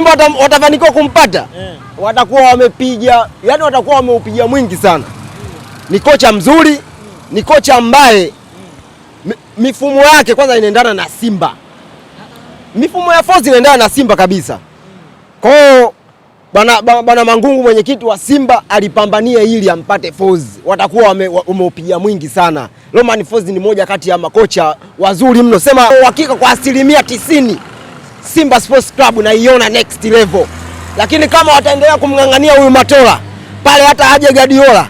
Simba watafanikiwa kumpata yeah. Watakuwa wamepiga yani, watakuwa wameupiga mwingi sana yeah. Ni kocha mzuri yeah. Ni kocha ambaye yeah. Mifumo yake kwanza inaendana na Simba, mifumo ya Fozi inaendana na Simba kabisa yeah. Kwa hiyo bana, bana Mangungu mwenyekiti wa Simba alipambania ili ampate Fozi, watakuwa wameupiga mwingi sana. Romain Fozi ni moja kati ya makocha wazuri mno, sema uhakika kwa asilimia tisini Simba Sports Club naiona next level, lakini kama wataendelea kumng'ang'ania huyu Matola pale, hata aje Guardiola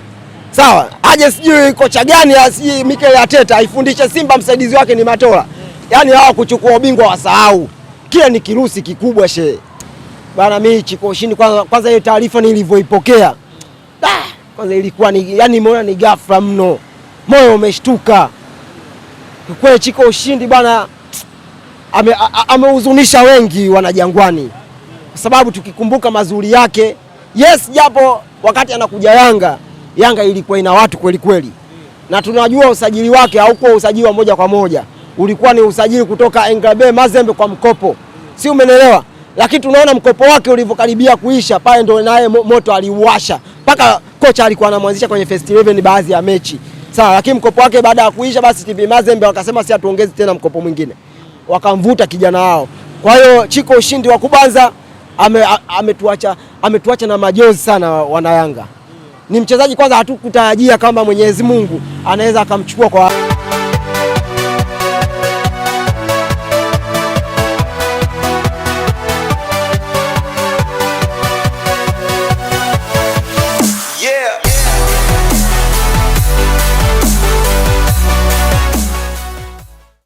sawa, aje sijui kocha gani, sijui Mikel Arteta aifundishe Simba, msaidizi wake ni Matola. Yaani hawa kuchukua ubingwa wasahau, kile ni kirusi kikubwa she bana. Mimi chiko ushindi kwanza, kwanza ile taarifa nilivyoipokea ah, kwanza ilikuwa ni yani, mbona ni ghafla mno, moyo umeshtuka kwa Chiko ushindi bwana amehuzunisha ame wengi wanajangwani, kwa sababu tukikumbuka mazuri yake, yes, japo wakati anakuja Yanga, Yanga ilikuwa ina watu kweli kweli, na tunajua usajili wake haukuwa usajili wa moja kwa moja, ulikuwa ni usajili kutoka Engabe Mazembe kwa mkopo, si umenelewa? Lakini tunaona mkopo wake ulivyokaribia kuisha pale, ndo naye moto aliuasha, mpaka kocha alikuwa anamwanzisha kwenye first 11 baadhi ya mechi sawa, lakini mkopo wake baada ya kuisha, basi TP Mazembe wakasema si hatuongezi tena mkopo mwingine wakamvuta kijana wao. Kwa hiyo Chiko ushindi wa kubanza ametuacha ame ame na majozi sana wanayanga. Ni mchezaji kwanza, hatukutarajia kama Mwenyezi Mungu anaweza akamchukua kwa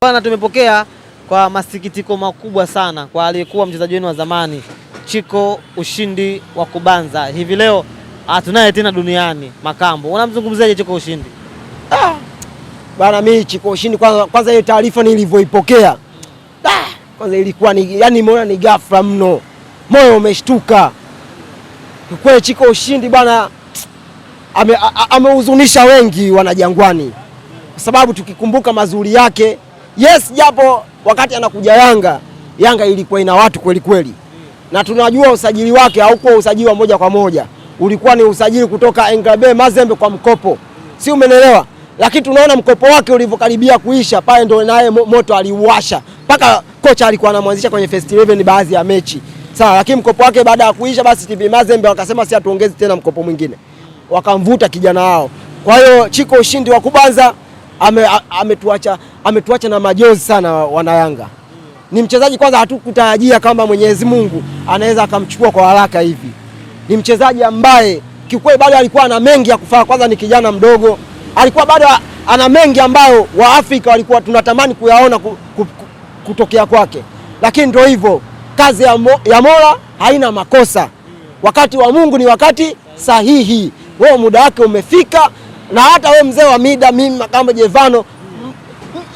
Bana tumepokea kwa masikitiko makubwa sana kwa aliyekuwa mchezaji wenu wa zamani Chiko Ushindi wa Kubanza. Hivi leo hatunaye ah, tena duniani. Makambo, unamzungumziaje Chiko Ushindi? Ah, bana mimi Chiko Ushindi kwanza, kwanza ile taarifa nilivyoipokea ah! ah, kwanza ilikuwa ni yani, nimeona ni ghafla mno, moyo umeshtuka kweli. Chiko Ushindi bwana amehuzunisha ame wengi wanajangwani, kwa sababu tukikumbuka mazuri yake, yes, japo wakati anakuja Yanga, Yanga ilikuwa ina watu kweli kweli, na tunajua usajili wake haukuwa usajili wa moja kwa moja, ulikuwa ni usajili kutoka Engabe Mazembe kwa mkopo, si umenelewa? Lakini tunaona mkopo wake ulivyokaribia kuisha pale, ndo naye moto aliuasha, mpaka kocha alikuwa anamwanzisha kwenye first 11 baadhi ya mechi sawa. Lakini mkopo wake baada ya kuisha, basi TP Mazembe wakasema si hatuongezi tena mkopo mwingine, wakamvuta kijana wao. Kwa hiyo Chiko ushindi wa kubanza ametuacha ame ame na majonzi sana wanayanga. Ni mchezaji kwanza, hatukutarajia kama Mwenyezi Mungu anaweza akamchukua kwa haraka hivi. Ni mchezaji ambaye kikweli bado alikuwa ana mengi ya kufanya. Kwanza ni kijana mdogo, alikuwa bado ana mengi ambayo Waafrika walikuwa tunatamani kuyaona ku, ku, ku, kutokea kwake, lakini ndio hivyo, kazi ya, mo, ya Mola haina makosa. Wakati wa Mungu ni wakati sahihi, wewe muda wake umefika na hata wewe mzee wa mida, mimi Makamba Jevano,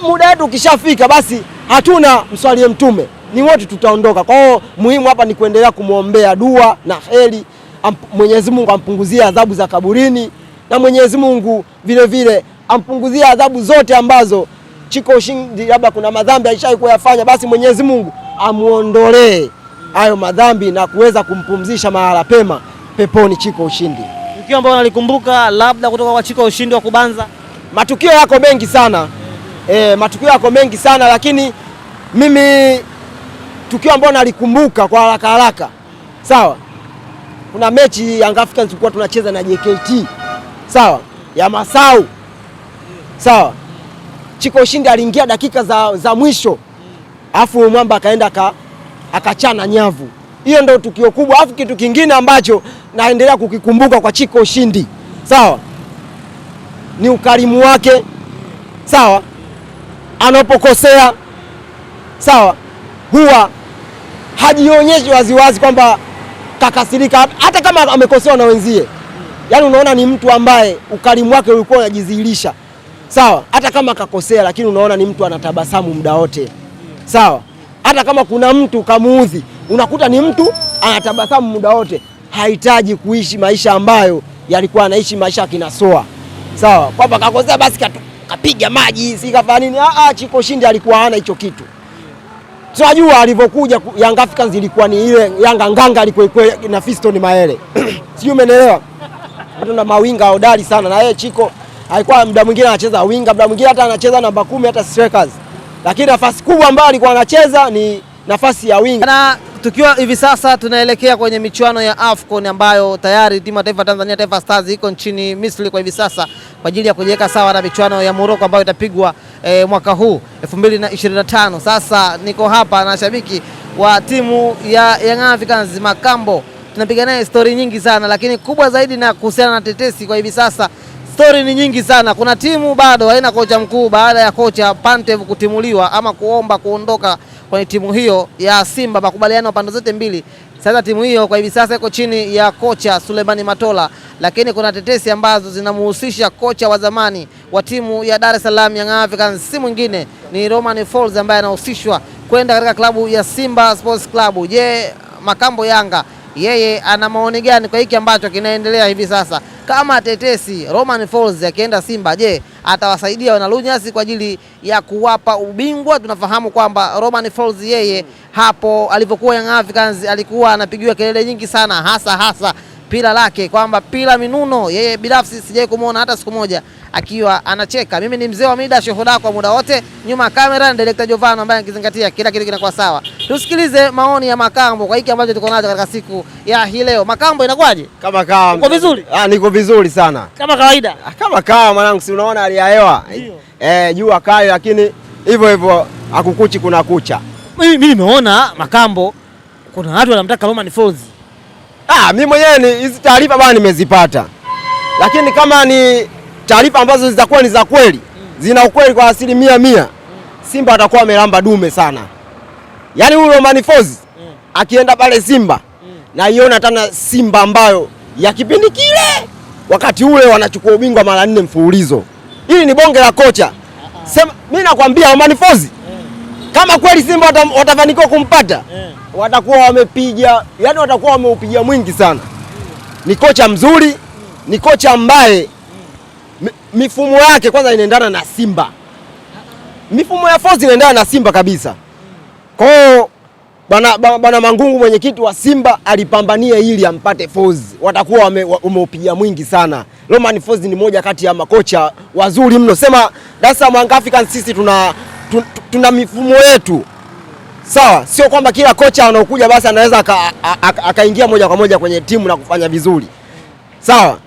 muda wetu ukishafika basi hatuna mswalie mtume, ni wote tutaondoka. Kwa hiyo muhimu hapa ni kuendelea kumwombea dua na heri, Mwenyezi Mungu ampunguzie adhabu za kaburini, na Mwenyezi Mungu vile vile ampunguzie adhabu zote ambazo Chiko Ushindi, labda kuna madhambi aishai kuyafanya, basi Mwenyezi Mungu amuondolee hayo madhambi na kuweza kumpumzisha mahala pema peponi Chiko Ushindi matukio ambayo nalikumbuka labda kutoka kwa Chiko ushindi wa kubanza? Matukio yako mengi sana e, matukio yako mengi sana lakini mimi tukio ambalo nalikumbuka kwa haraka haraka, sawa, kuna mechi Young Africans tulikuwa tunacheza na JKT sawa, ya Masau sawa. Chiko ushindi aliingia dakika za, za mwisho, afu mwamba akaenda akachana nyavu hiyo ndio tukio kubwa, alafu kitu kingine ambacho naendelea kukikumbuka kwa Chiko Ushindi, sawa, ni ukarimu wake, sawa, anapokosea, sawa, huwa hajionyeshi waziwazi kwamba kakasirika, hata kama amekosewa na wenzie. Yaani unaona ni mtu ambaye ukarimu wake ulikuwa unajidhihirisha, sawa, hata kama akakosea, lakini unaona ni mtu anatabasamu muda wote, sawa hata kama kuna mtu kamuudhi, unakuta ni mtu anatabasamu muda wote, hahitaji kuishi maisha ambayo yalikuwa anaishi maisha kinasoa. Sawa, kwamba kakosea basi katu, kapiga maji si kafanya nini? Ah, ah, Chiko Shindi alikuwa hana hicho kitu. Tunajua alivyokuja Young Africans ilikuwa ni ile Yanga nganga alikuwa na Fiston Maele sijui umeelewa? Mtu na mawinga hodari sana na yeye Chiko alikuwa muda mwingine anacheza winga, muda mwingine hata anacheza namba kumi hata strikers lakini nafasi kubwa ambayo alikuwa anacheza ni nafasi ya wingi. Na tukiwa hivi sasa tunaelekea kwenye michuano ya AFCON ambayo tayari timu ya taifa Tanzania Taifa Stars iko nchini Misri kwa hivi sasa kwa ajili ya kujiweka sawa na michuano ya Morocco ambayo itapigwa e, mwaka huu 2025. Sasa niko hapa na shabiki wa timu ya Young Africans Makambo, tunapiga naye stori nyingi sana, lakini kubwa zaidi na kuhusiana na tetesi kwa hivi sasa stori ni nyingi sana. Kuna timu bado haina kocha mkuu baada ya kocha Pantev kutimuliwa ama kuomba kuondoka kwenye timu hiyo ya Simba, makubaliano pande zote mbili. Sasa timu hiyo kwa hivi sasa iko chini ya kocha Sulemani Matola, lakini kuna tetesi ambazo zinamhusisha kocha wa zamani wa timu ya Dar es Salaam Young Africans, si mwingine ni Romain Folz ambaye anahusishwa kwenda katika klabu ya Simba Sports Club. Je, Makambo Yanga yeye ana maoni gani kwa hiki ambacho kinaendelea hivi sasa? kama tetesi Romain Folz akienda Simba, je, atawasaidia wanalunyasi kwa ajili ya kuwapa ubingwa? Tunafahamu kwamba Romain Folz yeye hapo alivyokuwa Young Africans alikuwa anapigiwa kelele nyingi sana, hasa hasa pila lake kwamba pila minuno, yeye binafsi sijawahi kumwona hata siku moja akiwa anacheka. Mimi ni mzee wa mida shohuda kwa muda wote, nyuma ya kamera ni director Jovano ambaye akizingatia kila kitu kinakuwa sawa. Tusikilize maoni ya Makambo kwa hiki ambacho tuko nacho katika siku ya hii leo. Makambo, inakuwaje? Kama kawa. Uko vizuri? Ah, niko vizuri sana. Kama kawaida. Ah, kama kawa mwanangu, si unaona hali ya hewa? Eh, jua kali lakini hivyo hivyo akukuchi kuna kucha. Mimi nimeona Makambo kuna watu wanamtaka Roman Folz. Ah, mimi mwenyewe hizi taarifa bwana nimezipata. Lakini kama ni taarifa ambazo zitakuwa ni za kweli, zina ukweli kwa asilimia mia, Simba atakuwa amelamba dume sana. Yaani huyu Roman Fozi akienda pale Simba naiona tena Simba ambayo ya kipindi kile wakati ule wanachukua ubingwa mara nne mfululizo. Hili ni bonge la kocha. Sema mimi nakwambia Roman Fozi kama kweli Simba watafanikiwa kumpata watakuwa wamepiga, yani watakuwa wameupiga mwingi sana. Ni kocha mzuri, ni kocha ambaye mifumo yake kwanza inaendana na Simba, mifumo ya force inaendana na Simba kabisa. Kwa hiyo bwana bwana Mangungu, mwenyekiti wa Simba, alipambania ili ampate force, watakuwa wameupiga mwingi sana. Roman Force ni moja kati ya makocha wazuri mno, sema Dar es Salaam sisi tuna, tuna, tuna mifumo yetu sawa. Sio kwamba kila kocha anaokuja basi anaweza akaingia moja kwa moja kwenye timu na kufanya vizuri sawa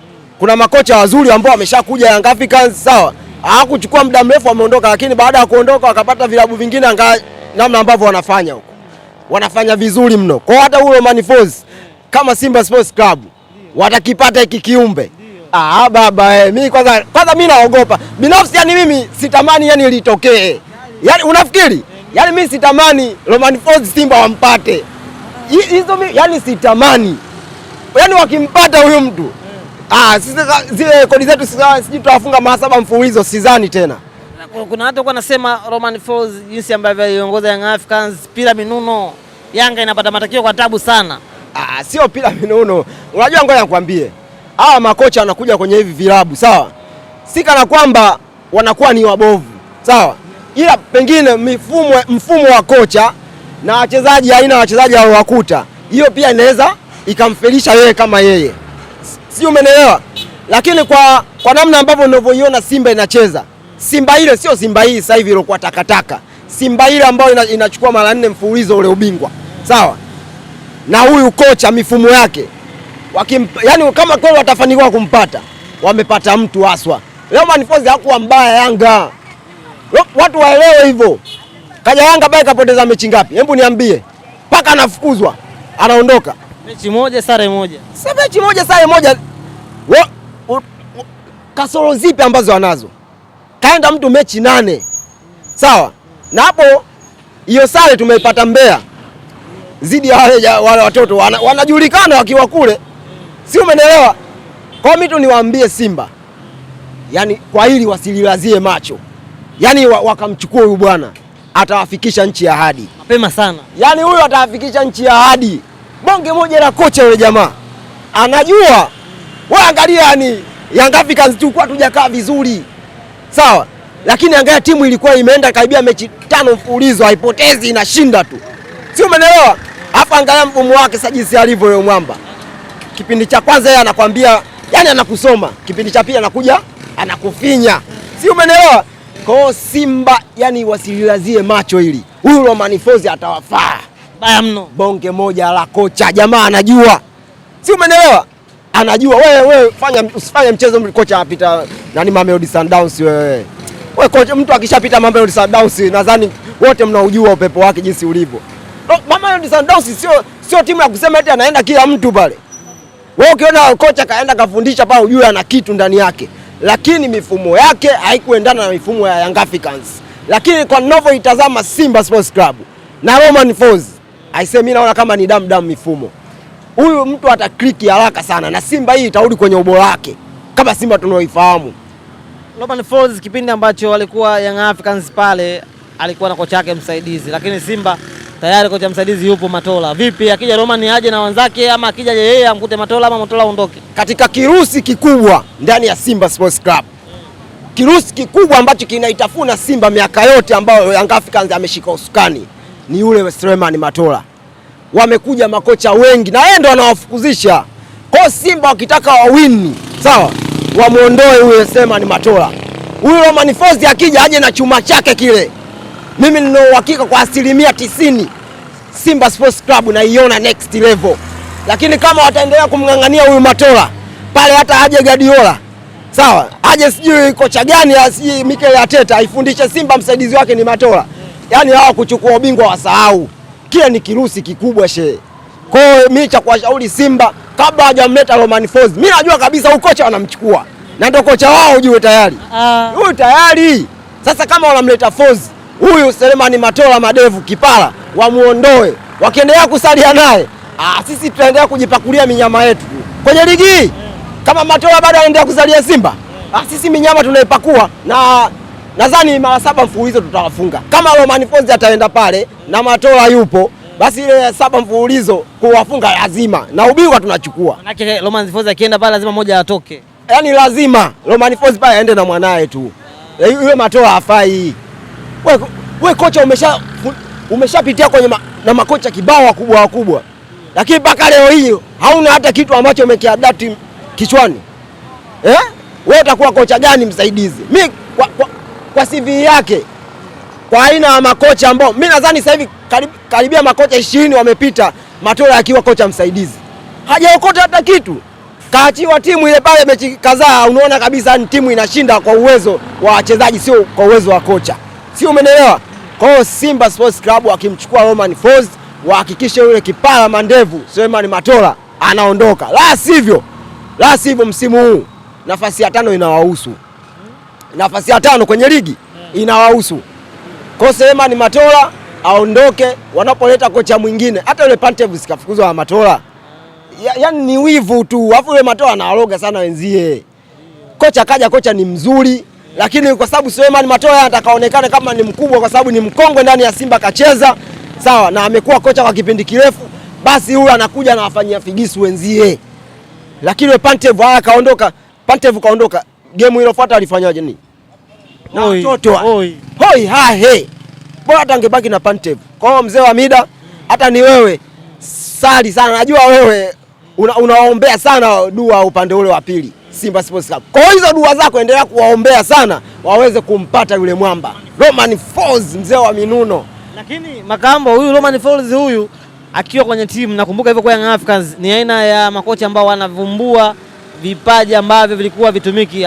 kuna makocha wazuri ambao wameshakuja Young Africans, sawa, hawakuchukua muda mrefu wameondoka, lakini baada ya kuondoka wakapata vilabu vingine, anga, namna ambavyo wanafanya huko, wanafanya vizuri mno. Kwa hata huyo Romain Folz kama Simba Sports Club watakipata hiki kiumbe ah, ah, baba eh, mimi kwanza kwanza mimi naogopa binafsi, yani mimi sitamani yani litokee, yani unafikiri yani mimi sitamani Roman Force Simba wampate hizo, yani sitamani, yani wakimpata huyu mtu Ah, sisi zile kodi zetu sisi ah, tunafunga mahasaba mfuulizo mfululizo sidhani tena. Kuna watu kwa nasema Romain Folz jinsi ambavyo aliongoza Young Africans pila minuno Yanga inapata matakio kwa tabu sana. Ah, sio pila minuno. Unajua, ngoja nikwambie. Hawa makocha wanakuja kwenye hivi vilabu, sawa? Si kana kwamba wanakuwa ni wabovu, sawa? Ila pengine mifumo, mfumo wa kocha na wachezaji, aina wachezaji wachezaji wakuta. hiyo pia inaweza ikamfelisha yeye kama yeye sijui umenelewa. Lakini kwa, kwa namna ambavyo unavyoiona Simba inacheza, Simba ile sio Simba hii sasa hivi iliyokuwa takataka, Simba ile ambayo ina, inachukua mara nne mfululizo ule ubingwa, sawa na huyu kocha mifumo yake wakim, yani kama kweli watafanikiwa kumpata, wamepata mtu haswa. Leo Manifozi hakuwa mbaya Yanga, watu waelewe hivyo. Kaja Yanga bae kapoteza mechi ngapi? Hebu niambie, mpaka anafukuzwa anaondoka. Mechi moja sare moja. Sasa mechi moja sare moja. Kasoro zipi ambazo anazo? Kaenda mtu mechi nane. Sawa? Na hapo hiyo sare tumeipata Mbeya zidi ya wale, wale watoto wana, wanajulikana wakiwa kule, si umeelewa? Kwa mimi tu niwaambie Simba, yani kwa hili wasililazie macho, yani wakamchukua huyu bwana, atawafikisha nchi ya ahadi mapema sana, yani huyu atawafikisha nchi ya ahadi bonge moja la kocha yule jamaa anajua. Wewe angalia, yani Young Africans tu kwa tujakaa vizuri sawa, lakini angalia timu ilikuwa imeenda karibia mechi tano mfululizo haipotezi, inashinda tu, sio umeelewa? Hapa angalia mfumo wake sasa jinsi alivyo yule mwamba. Kipindi cha kwanza yeye anakwambia, yani anakusoma, kipindi cha pili anakuja anakufinya, sio umeelewa? Kwa Simba yani wasililazie macho ili huyu Romain Folz atawafaa baya mno, bonge moja la kocha. Jamaa anajua, si umeelewa? Anajua wewe, wewe fanya usifanye mchezo kocha apita nani, Mamelodi Sundowns. Wewe wewe kocha, mtu akishapita Mamelodi Sundowns, nadhani wote mnaujua upepo wake jinsi ulivyo. No, Mamelodi Sundowns sio sio timu ya kusema eti anaenda kila mtu pale. Wewe ukiona kocha kaenda kafundisha pale, ujue ana kitu ndani yake, lakini mifumo yake haikuendana na mifumo ya Young Africans. Lakini kwa ninavyoitazama Simba Sports Club na Roman Folz Aisee, mimi naona kama ni damu damu mifumo. Huyu mtu click haraka sana na Simba hii itarudi kwenye ubora wake kama Simba tunaoifahamu. Romain Folz kipindi ambacho alikuwa Young Africans pale alikuwa na kocha yake msaidizi, lakini Simba tayari kocha msaidizi yupo Matola. Vipi akija Roman aje na wenzake ama akija yeye amkute Matola ama Matola aondoke? Katika kirusi kikubwa ndani ya Simba Sports Club kirusi kikubwa ambacho kinaitafuna Simba miaka yote ambayo Young Africans ameshika usukani ni yule Suleiman Matola. Wamekuja makocha wengi na yeye ndo anawafukuzisha. Kwa Simba wakitaka wawini, sawa, wamwondoe huyo Suleiman Matola. Huyu Roman Fozi akija aje na chuma chake kile. Mimi nina uhakika kwa asilimia tisini Simba Sports Club naiona next level, lakini kama wataendelea kumng'ang'ania huyu Matola pale, hata aje Guardiola sawa, aje sijui kocha gani, Mikel Arteta aifundishe Simba, msaidizi wake ni Matola. Yaani hawa kuchukua ubingwa wasahau, kile ni kirusi kikubwa she. Kwa hiyo mimi cha kuwashauri Simba kabla hajamleta Romain Folz, mimi najua kabisa huyu kocha wanamchukua na ndio kocha wao, ujue tayari ah. huyu uh, tayari sasa. Kama wanamleta Folz huyu Selemani Matola madevu kipara wamuondoe, wakiendelea kusalia naye ah, sisi tutaendelea kujipakulia minyama yetu kwenye ligi hii. Kama Matola bado anaendelea kusalia Simba ah, sisi minyama tunaipakua na nadhani mara saba mfululizo tutawafunga. Kama Romain Folz ataenda pale na Matola yupo, basi ile saba mfululizo kuwafunga lazima, na ubingwa tunachukua. Manake Romain Folz akienda pale lazima moja atoke, yaani lazima Romain Folz pale aende na mwanae tu, eh, yule Matola afai We, we kocha umesha umeshapitia kwenye ma, na makocha kibao wakubwa wakubwa, lakini mpaka leo hii hauna hata kitu ambacho umekiadapti kichwani eh? We utakuwa kocha gani msaidizi? mimi kwa CV yake, kwa aina ya makocha ambao mimi nadhani sasa hivi karib, karibia makocha ishirini wamepita Matola akiwa kocha msaidizi, hajaokota hata kitu, kaachiwa timu ile pale mechi kadhaa, unaona kabisa ni timu inashinda kwa uwezo wa wachezaji, sio kwa uwezo wa kocha, sio umeelewa? Kwa hiyo Simba Sports Club akimchukua Roman Folz wahakikishe yule kipara mandevu Suleiman Matola anaondoka, la sivyo, la sivyo msimu huu nafasi ya tano inawahusu nafasi ya tano kwenye ligi yeah. inawahusu. Kwa sema ni Matola aondoke, wanapoleta kocha mwingine. Hata yule Pantev sikafukuzwa na Matola, yaani ni wivu tu, afu yule Matola analoga sana wenzie. Kocha kaja, kocha ni mzuri lakini kwa sababu Suleiman Matola atakaonekana kama ni mkubwa kwa sababu ni mkongwe ndani ya Simba kacheza sawa na amekuwa kocha kwa kipindi kirefu, basi huyu anakuja na wafanyia figisu wenzie. Lakini we Pantev haya kaondoka, Pantev kaondoka, game ilofuata alifanyaje nini? Na watoto hoi ha he. Bora hata angebaki na Pantev. Kwa hiyo mzee wa mida hata ni wewe sali sana. Najua wewe unawaombea sana dua upande ule wa pili Simba Sports Club. Kwa hizo dua zako endelea kuwaombea sana waweze kumpata yule mwamba Roman Falls, mzee wa minuno. Lakini Makambo, huyu Roman Falls huyu akiwa kwenye timu, nakumbuka hivyo kwa Young Africans, ni aina ya makocha ambao wanavumbua vipaji ambavyo vilikuwa vitumiki.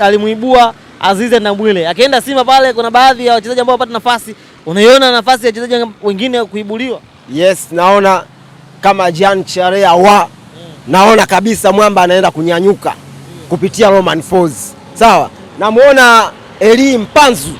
Alimuibua Azize na Bwile, akienda Simba pale, kuna baadhi ya wachezaji ambao wapata nafasi. Unaiona nafasi ya wachezaji wengine kuibuliwa? Yes, naona kama Jean Charea wa hmm. naona kabisa mwamba anaenda kunyanyuka kupitia Roman Foz. sawa. Namuona Eli Mpanzu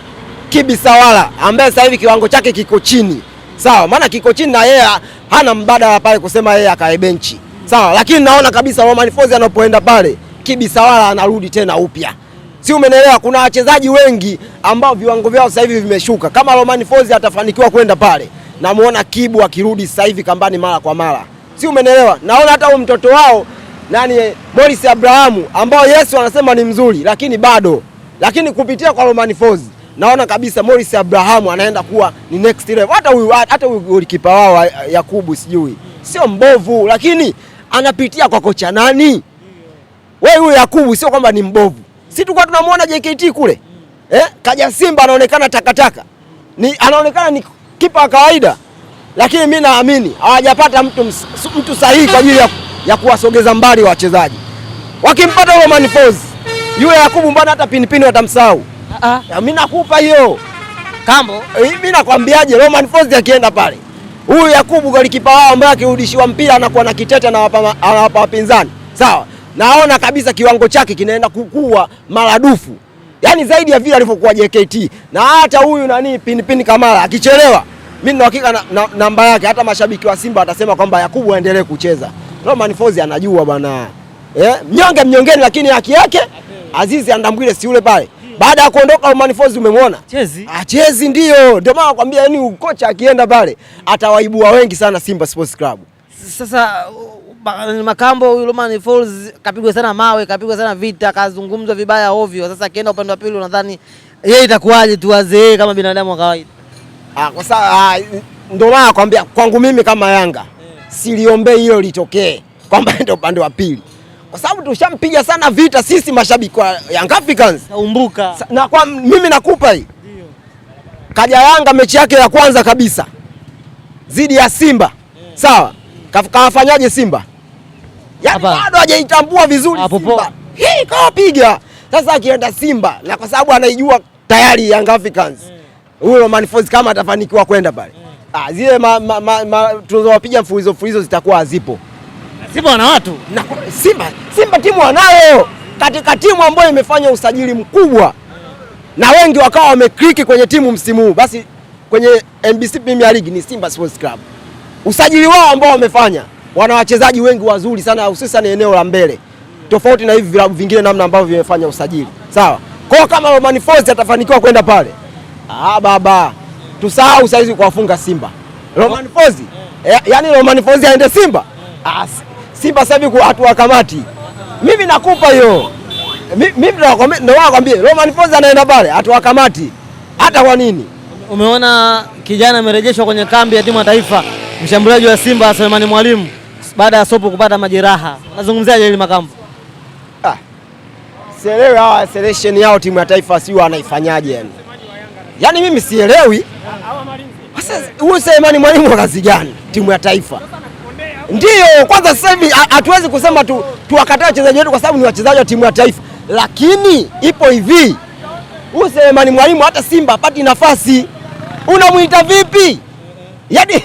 Kibisawala ambaye sasa hivi kiwango chake kiko chini, sawa, maana kiko chini na yeye hana mbadala pale kusema yeye akae benchi sawa, lakini naona kabisa Romain Folz anapoenda pale Kibi Sawala anarudi tena upya, si umenelewa? Kuna wachezaji wengi ambao viwango vyao sasa hivi vimeshuka. Kama Romain Folz atafanikiwa kwenda pale, namuona Kibu akirudi sasa hivi kambani mara kwa mara, si umenelewa? Naona hata huyo mtoto wao nani Morris Abrahamu ambao Yesu anasema ni mzuri, lakini bado lakini kupitia kwa Romain Folz naona kabisa Morris Abrahamu anaenda kuwa ni next level. Hata huyu hata huyu golikipa wao Yakubu sijui sio mbovu, lakini anapitia kwa kocha nani? Wewe huyo Yakubu sio kwamba ni mbovu, si tulikuwa tunamuona JKT kule eh? Kaja Simba anaonekana takataka, ni anaonekana ni kipa wa kawaida, lakini mi naamini hawajapata mtu, mtu sahihi kwa ajili ya, ya kuwasogeza mbali wachezaji. Wakimpata huyo Manifozi yule Yakubu, mbona hata pinipini watamsahau. Ah, ah. Mimi nakupa hiyo kambo, eh, mimi nakwambiaje, Roman Fozi akienda pale Huyu Yakubu golikipa wao ambaye akirudishiwa mpira anakuwa na kitete na anawapa wapinzani, sawa. Naona kabisa kiwango chake kinaenda kukua maradufu, yaani zaidi ya vile alivyokuwa JKT. Na hata huyu nani Pinipini Kamara akichelewa, mimi na hakika na, na, namba yake, hata mashabiki wa Simba watasema kwamba Yakubu aendelee kucheza. Roman Fozi anajua bwana, eh, mnyonge mnyongeni, lakini haki yake. Azizi Andambwile si yule pale baada ya kuondoka Omani Force umemwona Chezi? Ah, Chezi ndio. Ndio maana nakwambia yani kocha akienda pale atawaibua wengi sana Simba Sports Club. Sasa Makambo huyu Omar Foz kapigwa sana mawe, kapigwa sana vita, kazungumzwa vibaya ovyo. Sasa akienda upande wa pili unadhani yeye itakuwaje tu wazee kama binadamu wa kawaida? Ah, kwa ah, ndio maana nakwambia kwangu mimi kama Yanga yeah. Siliombee hilo litokee kwamba ndio upande wa pili kwa sababu tushampiga sana vita sisi mashabiki wa Young Africans. Naumbuka. Na kwa mimi nakupa hii. Ndio. Kaja Yanga mechi yake ya kwanza kabisa dhidi ya Simba. Yeah. Sawa. Yeah. Kafanyaje Simba? Yaani bado hajaitambua vizuri Apo, Simba. Hii kawapiga. Sasa akienda Simba na kwa sababu anaijua tayari Young Africans. Huyo yeah. Man Force kama atafanikiwa kwenda pale. Yeah. Ah, zile ma, ma, ma, ma, tunazowapiga mfululizo mfululizo zitakuwa hazipo. Simba wana watu na, Simba, Simba timu wanayo katika timu ambayo imefanya usajili mkubwa na wengi wakawa wamekliki kwenye timu msimu huu, basi kwenye NBC Premier League ni Simba Sports Club. Usajili wao ambao wamefanya, wana wachezaji wengi wazuri sana, hususan eneo la mbele, tofauti na hivi vilabu vingine namna ambavyo vimefanya usajili. Sawa Kwa kama Romain Folz atafanikiwa kwenda pale, ah baba, tusahau saizi kuwafunga Simba. Romain Folz, eh, yaani Romain Folz aende Simba? Ah, Simba sasa hivi kamati. Mimi nakupa hiyo, mimi ndo nakwambia Roman Ponza anaenda pale kamati. hata kwa nini. Umeona kijana amerejeshwa kwenye kambi ya timu ya taifa, mshambuliaji wa Simba Selemani Mwalimu baada ya Sopo kupata majeraha. Nazungumziaje ile makambo? Ah. Sielewi hawa selection yao timu ya taifa si wanaifanyaje yani. Yaani mimi sielewi. Sasa huyu Selemani Mwalimu wa kazi gani timu ya taifa? Ndiyo, kwanza sasa hivi hatuwezi kusema tu, tuwakatae wachezaji wetu kwa sababu ni wachezaji wa timu ya taifa, lakini ipo hivi, huyu Selemani Mwalimu hata Simba apati nafasi, unamwita vipi? Yaani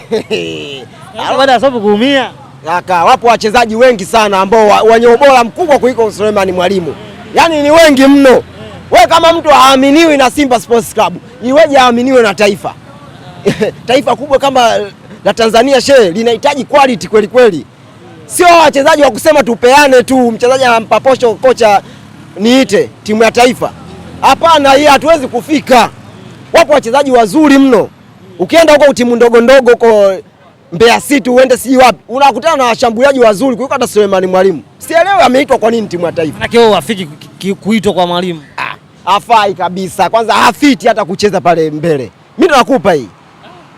baada ya sababu kuumia Kaka, wapo wachezaji wengi sana ambao wenye ubora mkubwa kuliko Suleimani Mwalimu, yaani ni wengi mno. We kama mtu haaminiwi na Simba Sports Club, iweje aaminiwe na taifa taifa kubwa kama la Tanzania she linahitaji quality kweli kweli, sio wachezaji wa kusema tupeane tu, mchezaji anampa posho kocha niite timu ya taifa. Hapana, hii hatuwezi kufika. Wapo wachezaji wazuri mno, ukienda huko timu ndogo ndogo huko Mbeya City uende sijui wapi, unakutana na washambuliaji wazuri kuliko hata Sulemani Mwalimu. Sielewi ameitwa kwa nini timu ya taifa. Maana yao hafiki kuitwa kwa mwalimu. Ah, afai kabisa. Kwanza hafiti hata kucheza pale mbele. Mimi nakupa hii.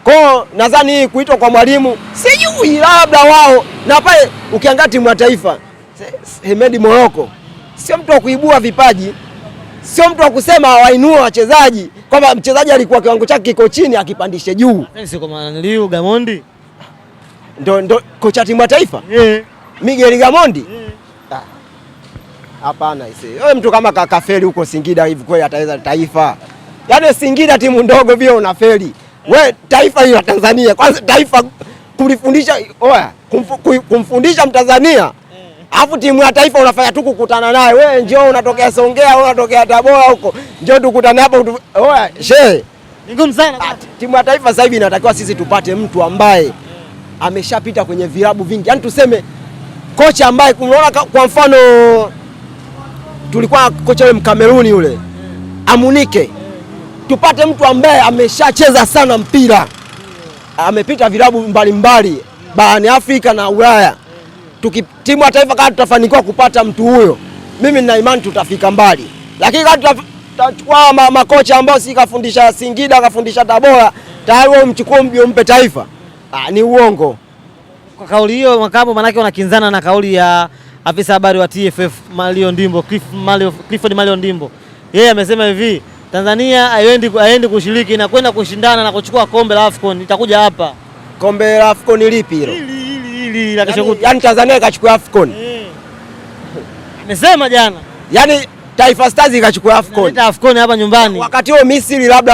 Kwa nadhani hii kuitwa kwa mwalimu sijui, labda wao na pale. Ukiangalia timu ya taifa Hemedi Moroko sio mtu wa kuibua vipaji, sio mtu wa kusema wainua wachezaji kwamba mchezaji alikuwa kiwango chake kiko chini akipandishe juu. Liu Gamondi ndo, ndo kocha timu ya taifa yeah. Miguel Gamondi eh. ah, hapana yeah. Ah, wewe mtu kama kakaferi huko Singida hivi kweli ataweza taifa? Yaani Singida timu ndogo vile unaferi We taifa hili la Tanzania kwanza, taifa kulifundisha oya, kumfundisha Mtanzania mm. alafu timu ya taifa unafanya tu kukutana naye we, njoo unatokea Songea, unatokea Tabora huko, njoo tukutane hapo. Oya she, ngumu sana. Ah, timu ya taifa sasa hivi inatakiwa sisi tupate mtu ambaye mm. ameshapita kwenye vilabu vingi, yani tuseme kocha ambaye unaona, kwa mfano tulikuwa kocha yule Mkameruni yule mm. Amunike tupate mtu ambaye ameshacheza sana mpira, amepita vilabu mbalimbali barani Afrika na Ulaya. Tukitimu ya taifa kama tutafanikiwa kupata mtu huyo, mimi nina imani tutafika mbali, lakini kama tutachukua ma, makocha ambao si kafundisha Singida kafundisha Tabora tayari wewe mchukue mpe taifa, ah, ni uongo. Kwa kauli hiyo makamu, manake wanakinzana na kauli ya afisa habari wa TFF Mario Ndimbo, Cliff Clifford Mario Ndimbo, yeye amesema hivi Tanzania haendi kushiriki na kwenda kushindana na kuchukua kombe la Afcon itakuja hapa. Kombe la Afcon lipi hilo? Yaani, kesho. yaani Tanzania ikachukua Afcon. Eh. Nimesema jana. Yaani Taifa Stars ikachukua Afcon. Afcon hapa nyumbani. Wakati huo Misri labda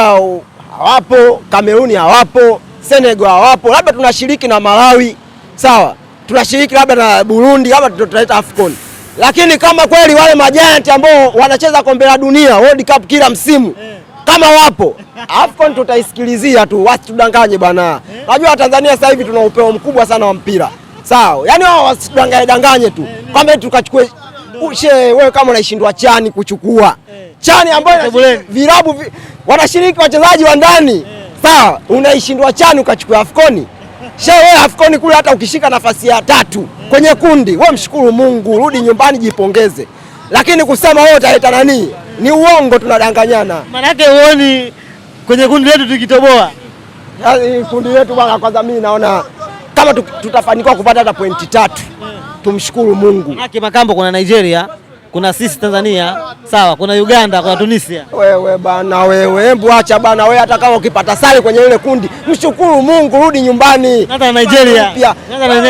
hawapo, Kameruni hawapo, Senegal hawapo, labda tunashiriki na Malawi. Sawa. Tunashiriki labda na Burundi, labda tutaleta Afcon lakini kama kweli wale majanti ambao wanacheza kombe la dunia World Cup kila msimu eh. kama wapo AFCON tutaisikilizia tu, wasitudanganye bwana. Eh. Najua Tanzania sasa hivi tuna upeo mkubwa sana wa mpira, sawa? Yani wao wasitudanganye danganye tu eh, kwamba tukachukue ushe. Wewe kama unaishindwa chani kuchukua chani ambayo vilabu vi, wanashiriki wachezaji wa ndani, sawa? Unaishindwa chani ukachukua AFCON. Sha wewe Afcon kule hata ukishika nafasi ya tatu kwenye kundi, wewe mshukuru Mungu, rudi nyumbani jipongeze. Lakini kusema wewe utaleta nani ni uongo, tunadanganyana. yake uoni kwenye kundi letu tukitoboa. Yaani kundi letu bwana, kwanza mimi naona kama tutafanikiwa kupata hata pointi tatu hmm. tumshukuru Mungu. Maanake Makambo kuna Nigeria kuna sisi Tanzania, sawa, kuna Uganda, kuna Tunisia. Wewe bana wewe, hebu acha bana wewe, hata kama ukipata sare kwenye ile kundi, mshukuru Mungu, rudi nyumbani. Hata Nigeria,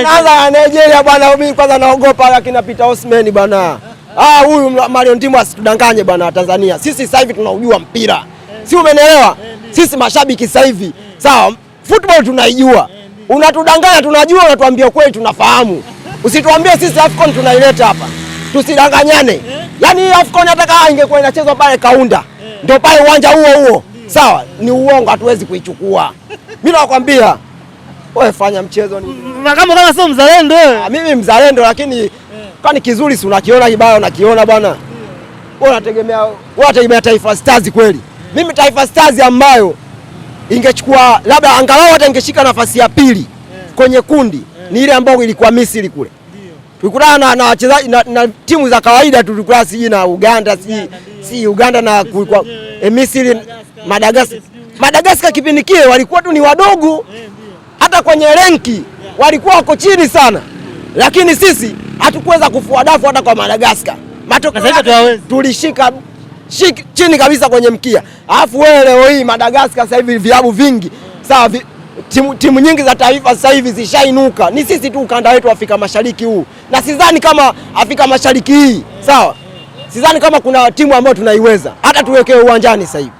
hata Nigeria bana, mimi kwanza naogopa, lakini Peter Osman bana, ah, huyu Mario Ndimo asitudanganye bana. Tanzania sisi sasa hivi tunaujua mpira, si umeelewa? Sisi mashabiki sasa hivi, sawa, football tunaijua. Unatudanganya, tunajua, unatuambia kweli, tunafahamu. Usituambie sisi AFCON tunaileta hapa tusidanganyane. Yani hii AFCON hata kama ingekuwa inachezwa pale Kaunda ndio pale uwanja huo huo, sawa, ni uongo, hatuwezi kuichukua. Mimi nakwambia wewe, fanya mchezo ni makamo, kama sio mzalendo wewe. Ah, mimi mzalendo, lakini kwani kizuri si unakiona, kibaya unakiona bwana. Wewe unategemea wewe unategemea Taifa Stars kweli? Mimi Taifa Stars ambayo ingechukua labda angalau hata ingeshika nafasi ya pili kwenye kundi ni ile ambayo ilikuwa Misri kule tulikutana na wachezaji na, na timu za kawaida tu, tulikutana sijui na Uganda si, si Uganda na kulikuwa eh, Misri, Madagaskar. Madagascar kipindi kile walikuwa tu ni wadogo, hata kwenye renki walikuwa wako chini sana, lakini sisi hatukuweza kufua dafu hata kwa Madagaskar. Matokeo tulishika chini kabisa kwenye mkia. Alafu wewe leo hii Madagaskar sasa hivi vilabu vingi sawa Timu, timu nyingi za taifa sasa hivi zishainuka, ni sisi tu ukanda wetu Afrika Mashariki huu, na sidhani kama Afrika Mashariki hii sawa, sidhani kama kuna timu ambayo tunaiweza hata tuwekee uwanjani sasa hivi.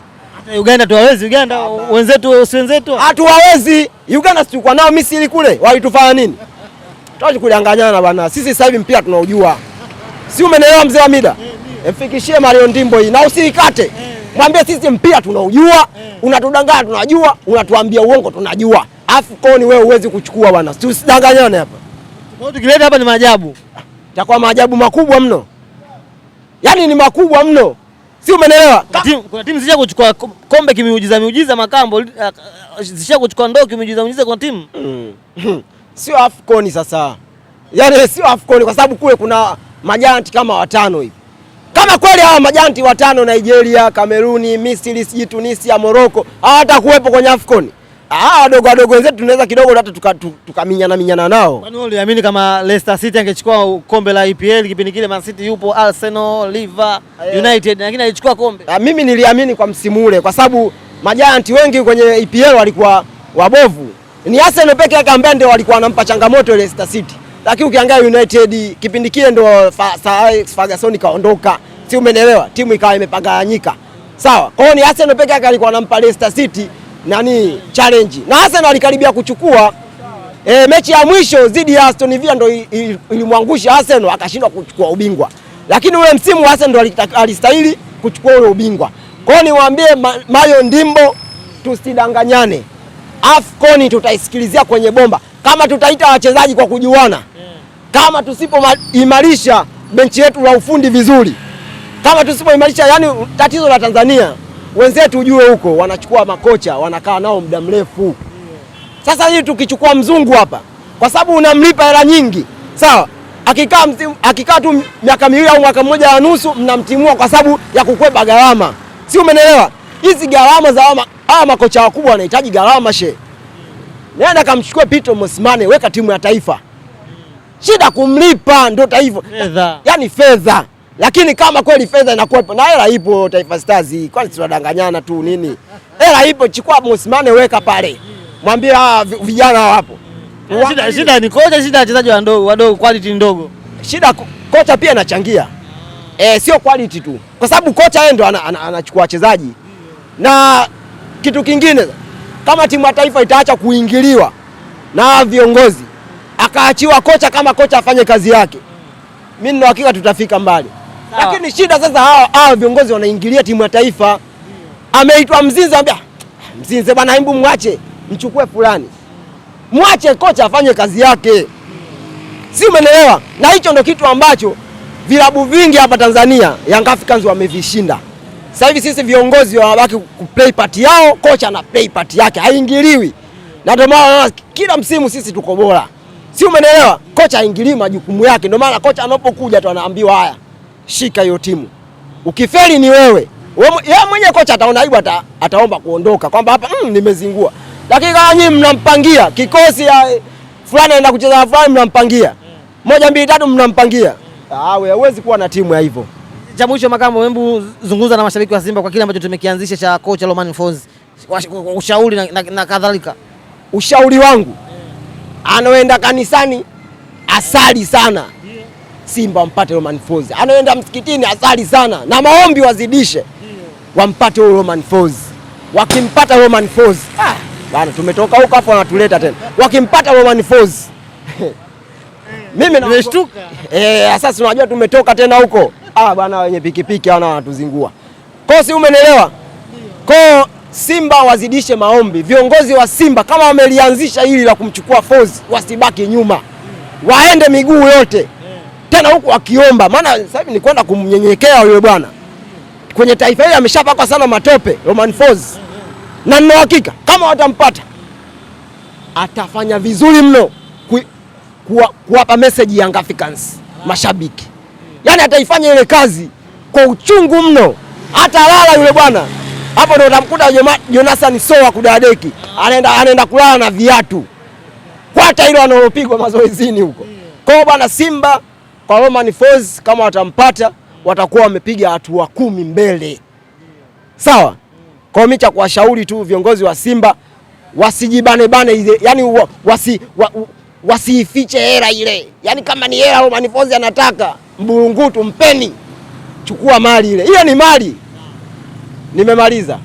Hata Uganda tuwawezi, Uganda wenzetu, si wenzetu, hatuwawezi Uganda. Si nao Misri kule, walitufanya nini? Tuache kudanganyana bwana, sisi sasa hivi mpira tunaujua, si umeelewa mzee wa mida? Eh, Mfikishie Mario Ndimbo hii na usiikate. Eh mwambie sisi mpira tunaujua, mm. unatudanganya tunajua, unatuambia uongo tunajua. Afcon wewe huwezi kuchukua bwana. Tusidanganyane hapa. Kwa tukileta hapa ni maajabu. Itakuwa maajabu makubwa mno. Yaani ni makubwa mno. Si umeelewa? Kuna timu kuna timu zisha kuchukua kombe kimiujiza miujiza makambo uh, zisha kuchukua ndoo kimiujiza miujiza kwa timu. Mm. Sio Afkoni sasa. Yaani sio Afkoni kwa sababu kule kuna majanti kama watano hivi. Kama kweli hawa majanti watano Nigeria, Kameruni, Misri, sijui Tunisia, Morocco hawatakuwepo kwenye AFCON. Ah, wadogo wadogo wenzetu tunaweza kidogo hata tukaminyana tuka minyana nao. Kwani wewe uliamini kama Leicester City angechukua kombe la EPL kipindi kile Man City yupo Arsenal, Liverpool, United lakini alichukua kombe? Ah, mimi niliamini kwa msimu ule kwa sababu majanti wengi kwenye EPL walikuwa wabovu. Ni Arsenal peke yake ambaye ndio walikuwa wanampa changamoto Leicester City. Lakini ukiangalia United kipindi kile ndio Sir Alex Ferguson kaondoka si umenelewa? Timu ikawa imepaganyika sawa. Kwa hiyo ni Arsenal peke yake alikuwa anampa Leicester City nani challenge, na Arsenal alikaribia kuchukua e, mechi ya mwisho dhidi ya Aston Villa ndo ilimwangusha Arsenal akashindwa kuchukua ubingwa, lakini ule msimu Arsenal ndo alistahili kuchukua ule ubingwa. Kwa hiyo niwaambie ma, Mayo Ndimbo, tusidanganyane. Afcon tutaisikilizia kwenye bomba, kama tutaita wachezaji kwa kujuana, hmm. kama tusipoimarisha benchi yetu la ufundi vizuri kama tusipoimarisha, yani tatizo la Tanzania wenzetu ujue huko wanachukua makocha wanakaa nao muda mrefu. Sasa hii tukichukua mzungu hapa, kwa sababu unamlipa hela nyingi, sawa, akikaa akikaa tu miaka miwili au mwaka mmoja na nusu, mnamtimua kwa sababu ya kukwepa gharama, si umeelewa? Hizi gharama za hawa makocha wakubwa wanahitaji gharama she. Nenda kamchukue Pito Mosimane, weka timu ya taifa. Shida kumlipa ndo taifa, yaani fedha lakini kama kweli fedha inakuwepo na hela ipo Taifa Stars, kwani tunadanganyana tu nini? Hela ipo, chukua Musimane weka pale, mwambie ah, vijana wapo. Eh, shida, shida ni kocha, shida wachezaji wadogo wadogo, quality ndogo. Shida kocha pia anachangia e, sio quality tu, kwa sababu kocha yeye ndo anachukua wachezaji na kitu kingine, kama timu ya taifa itaacha kuingiliwa na viongozi akaachiwa kocha, kama kocha afanye kazi yake, mimi nina hakika tutafika mbali. Lakini shida sasa, hawa hawa viongozi wanaingilia timu ya taifa. Ameitwa Mzinze, ambia ah, Mzinze bwana, hebu mwache mchukue fulani, mwache kocha afanye kazi yake, si umeelewa? Na hicho ndo kitu ambacho vilabu vingi hapa Tanzania Young Africans wamevishinda. Sasa hivi sisi viongozi wabaki kuplay part yao, kocha na play part yake, haingiliwi. Na ndio maana kila msimu sisi tuko bora, si umeelewa? Kocha haingilii majukumu yake, ndio maana kocha anapokuja tu anaambiwa haya shika hiyo timu. Ukifeli ni wewe. Yeye mwenyewe kocha ataona aibu, ata, ataomba kuondoka kwamba hapa mm, nimezingua. Lakini kama nyinyi mnampangia kikosi ya eh, fulani anaenda kucheza fulani mnampangia. Moja mbili tatu mnampangia. Ah, wewe huwezi kuwa na timu ya hivyo. Cha mwisho, Makamo, hebu zungumza na mashabiki wa Simba kwa kile ambacho tumekianzisha cha kocha Roman Folz. Ushauri na, na, na kadhalika. Ushauri wangu, anaoenda kanisani asali sana. Simba wampate Roman Fozi. anaenda msikitini asali sana na maombi wazidishe, wampate huyo Roman Fozi. Wakimpata Roman Fozi ah bwana, tumetoka huko hapo, wanatuleta tena. Wakimpata Roman Fozi mimi nimeshtuka eh, sasa unajua tumetoka tena huko ah bwana, wenye pikipiki wana wanatuzingua ko, si umeelewa? Kwa Simba wazidishe maombi, viongozi wa Simba kama wamelianzisha hili la kumchukua Fozi, wasibaki nyuma, waende miguu yote tena huku akiomba, maana sasa hivi ni kwenda kumnyenyekea yule bwana kwenye taifa hili ameshapakwa sana matope Roman Falls, na nina uhakika kama watampata atafanya vizuri mno kuwapa kuwa message Young Africans mashabiki, yani ataifanya ile kazi kwa uchungu mno, hata lala yule bwana hapo ndo utamkuta Jonathan Soa kudadeki anaenda anaenda kulala na viatu kwa hata ile analopigwa mazoezini huko. Kwa hiyo bwana Simba kwa Roman Falls kama watampata watakuwa wamepiga hatua kumi mbele, sawa. Kwa mimi cha kuwashauri tu viongozi wa Simba wasijibane bane ile, yani wasi wa, wasiifiche hela ile, yani kama ni hela Roman Falls anataka mburungutu, mpeni, chukua mali ile, hiyo ni mali. Nimemaliza.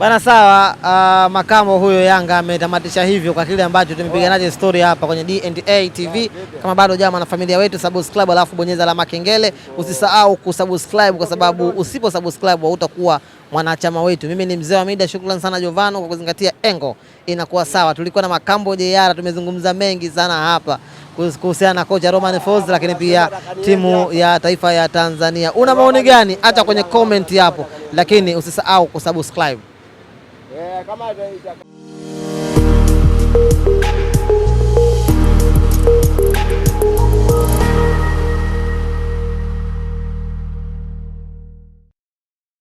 Bana sawa, uh, makamo huyo Yanga ametamatisha hivyo kwa kile ambacho tumepiganaje story hapa kwenye D&A TV. Kama bado jamaa na familia wetu, subscribe alafu bonyeza alama kengele. Usisahau kusubscribe kwa sababu usipo subscribe hautakuwa mwanachama wetu. Mimi ni mzee wa shukrani sana Jovano kwa kuzingatia engo inakuwa sawa. Tulikuwa na Makambo JR, tumezungumza mengi sana hapa kuhusiana na kocha Roman Folz, lakini pia timu ya taifa ya Tanzania. Una maoni gani? Acha kwenye comment hapo, lakini usisahau kusubscribe eh, kama